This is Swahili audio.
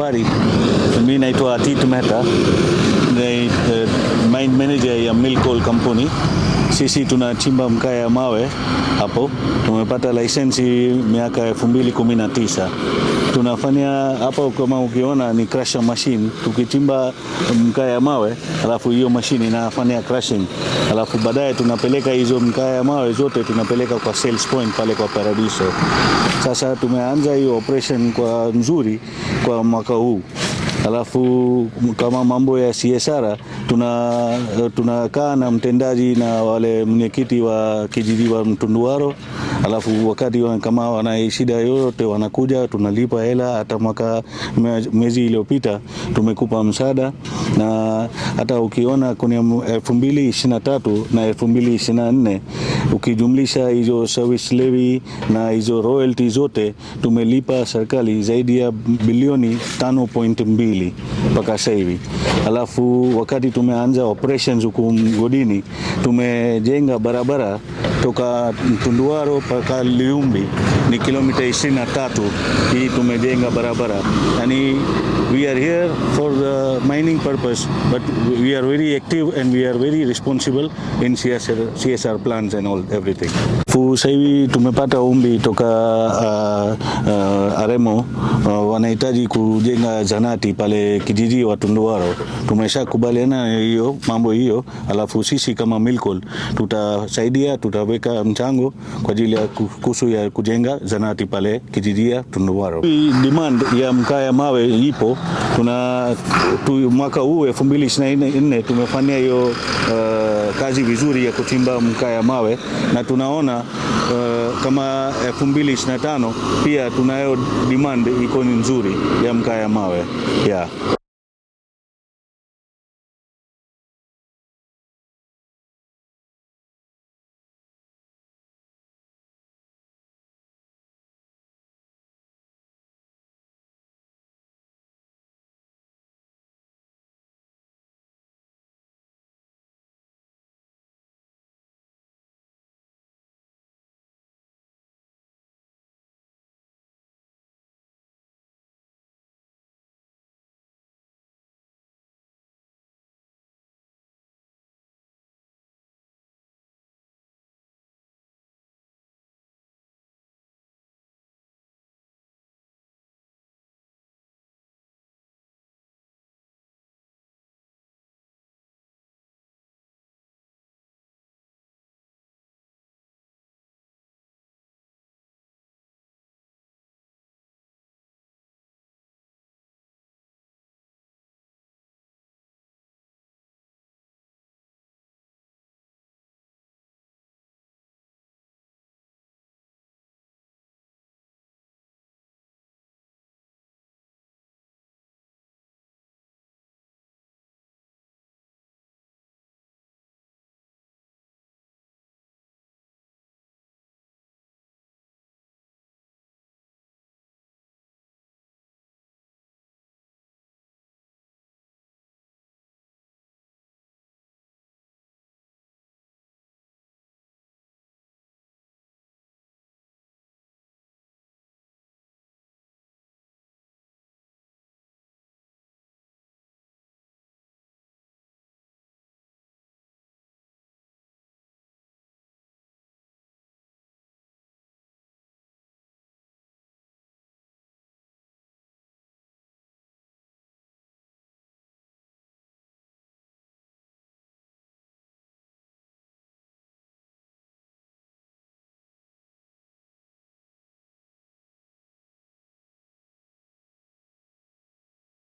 habari. Mimi naitwa Tito meta mine manager ya Mill Coal Company. Sisi tunachimba mkaa ya mawe hapo, tumepata lisensi miaka elfu mbili kumi na tisa. Tunafanya hapo kama ukiona ni crusher machine, tukichimba mkaa ya mawe alafu hiyo machine inafanya crushing, alafu baadaye tunapeleka hizo mkaa ya mawe zote tunapeleka kwa sales point pale kwa Paradiso. Sasa tumeanza hiyo operation kwa nzuri kwa mwaka huu. Alafu kama mambo ya CSR tuna eh, tunakaa na mtendaji na wale mwenyekiti wa kijiji wa Mtunduwaro alafu wakati kama wana shida yoyote wanakuja, tunalipa hela. Hata mwaka mwezi iliyopita tumekupa msaada, na hata ukiona kuna elfu mbili ishirini na tatu na elfu mbili ishirini na nne ukijumlisha hizo service levy na hizo royalty zote tumelipa serikali zaidi ya bilioni 5.2 mpaka sasa hivi. Alafu wakati tumeanza operations huku mgodini tumejenga barabara toka Tunduaro Liumbi ni kilomita 23 hii tumejenga barabara yani we are here for the mining purpose but we are very active and we are very responsible in CSR, CSR plans and all everything sasa hivi tumepata umbi toka uh, uh, Aremo uh, wanahitaji kujenga zanati pale kijiji wa Tunduwaro. kubaliana hiyo mambo hiyo, alafu sisi kama Milkol tutasaidia, tutaweka mchango kwa ajili ya kuhusu ya kujenga zanati pale Kijiria Tundubaro. Demand ya mkaa ya mawe ipo tuna tu, mwaka huu 2024 tumefanya hiyo uh, kazi vizuri ya kuchimba mkaa ya mawe na tunaona uh, kama 2025 pia tunayo demand iko nzuri ya mkaa ya mawe yeah.